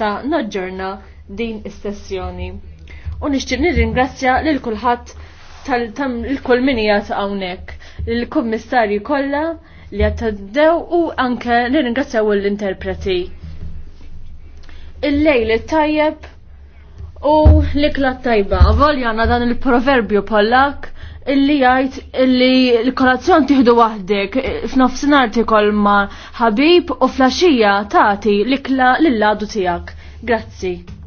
ta' naġġorna din is-sessjoni. U nixtieq nirringrazzja lil kulħadd tal-kull minija ta' hawnhekk, lill kummissarju kollha li għattaddew u anke nirringrazzjaw l-interpreti. Il-lejl tajjeb u l-ikla tajba, għavolja dan il-proverbju pollak illi jgħid illi l-kolazzjon tieħdu waħdek f'nofsinhar tikol ma' ħabib u flaxija tagħti l-ikla lill-ladu tiegħek. Grazzi.